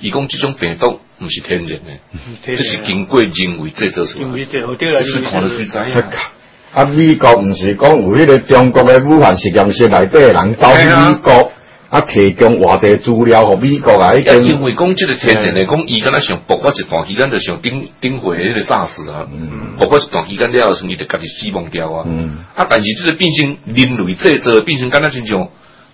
伊講即種病毒毋是天然嘅，即、啊、是經過人為製造出來的。因為他對他對他對他的、啊、美國唔是講有呢個中國嘅武漢實驗室內底人走美國，啊提供話啲資料俾美國嚟。因為講呢啲天然嚟講，而家咧想播過一段時間就想頂頂火嘅呢個大事啊，播、嗯、過一段時間了後，佢就自己死亡掉、嗯、啊。啊，但是呢個變成人類製造，這就變成咁樣正常。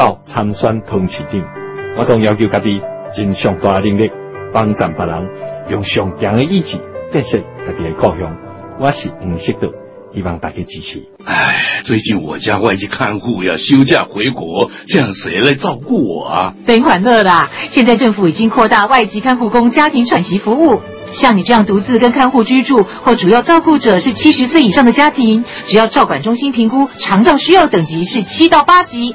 到參選通池頂，我仲要求家己盡上大嘅能力，幫助別人，用上強嘅意志建設家己嘅故鄉。我是唔識得，希望大家支持。唉，最近我家外籍看護要休假回國，這樣誰來照顧我啊？別玩樂啦！現在政府已經擴大外籍看護工家庭喘息服務，像你這樣獨自跟看護居住或主要照顧者是七十歲以上的家庭，只要照管中心評估長照需要等級是七到八級。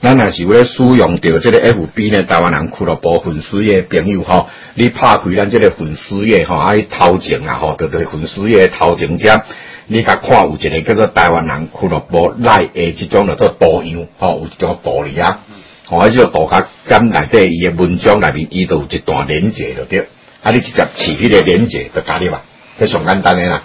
咱那是為了使用着即個 F B 呢？台灣人俱樂部粉絲頁的朋友吼，你拍開咱即個粉絲頁吼，啊伊頭像啊吼，就個粉絲頁頭像遮，你甲看有一個叫做台灣人俱樂部內誒即種叫做導遊吼，有一種道理啊，吼、嗯，啊、哦、即、這個大家跟內底伊嘅文章內面，伊遇有一段連接着對，啊，你直接迄個連接着，加啲嘛，即上簡單誒啦。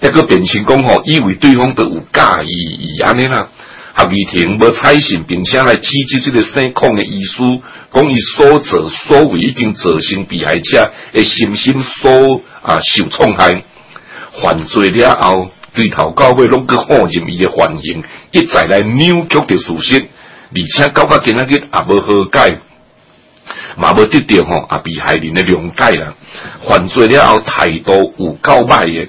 一個變成講吼，以為對方都有介意，以安尼啦，合議庭無採信，並且來支持即個省控嘅意思，講伊所做所為已經造成被害者嘅身心，心所啊受創害。犯罪了後，對頭到尾攏個放任伊嘅犯行，一再來扭曲着事實，而且搞到今仔日也無和解，嘛，無得到吼啊被害人嘅諒解啦。犯罪了後態度有夠歹誒。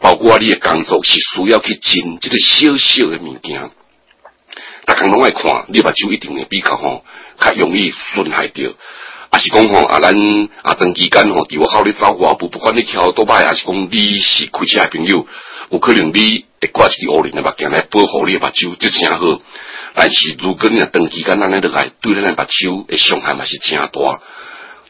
包括啊，你嘅工作是需要去斟即個小小嘅物件，逐家攏愛看，你目睭一定會比較吼，較容易損害着。啊是講吼，啊咱啊長期間吼，佇果靠咧走戶外，不管你跳倒歹，抑是講你是開車的朋友，有可能你會掛一起烏仁嘅目鏡來保護你嘅目睭，就誠好。但是如果你啊長期間安尼落來，對咱嘅目睭嘅傷害嘛是誠大。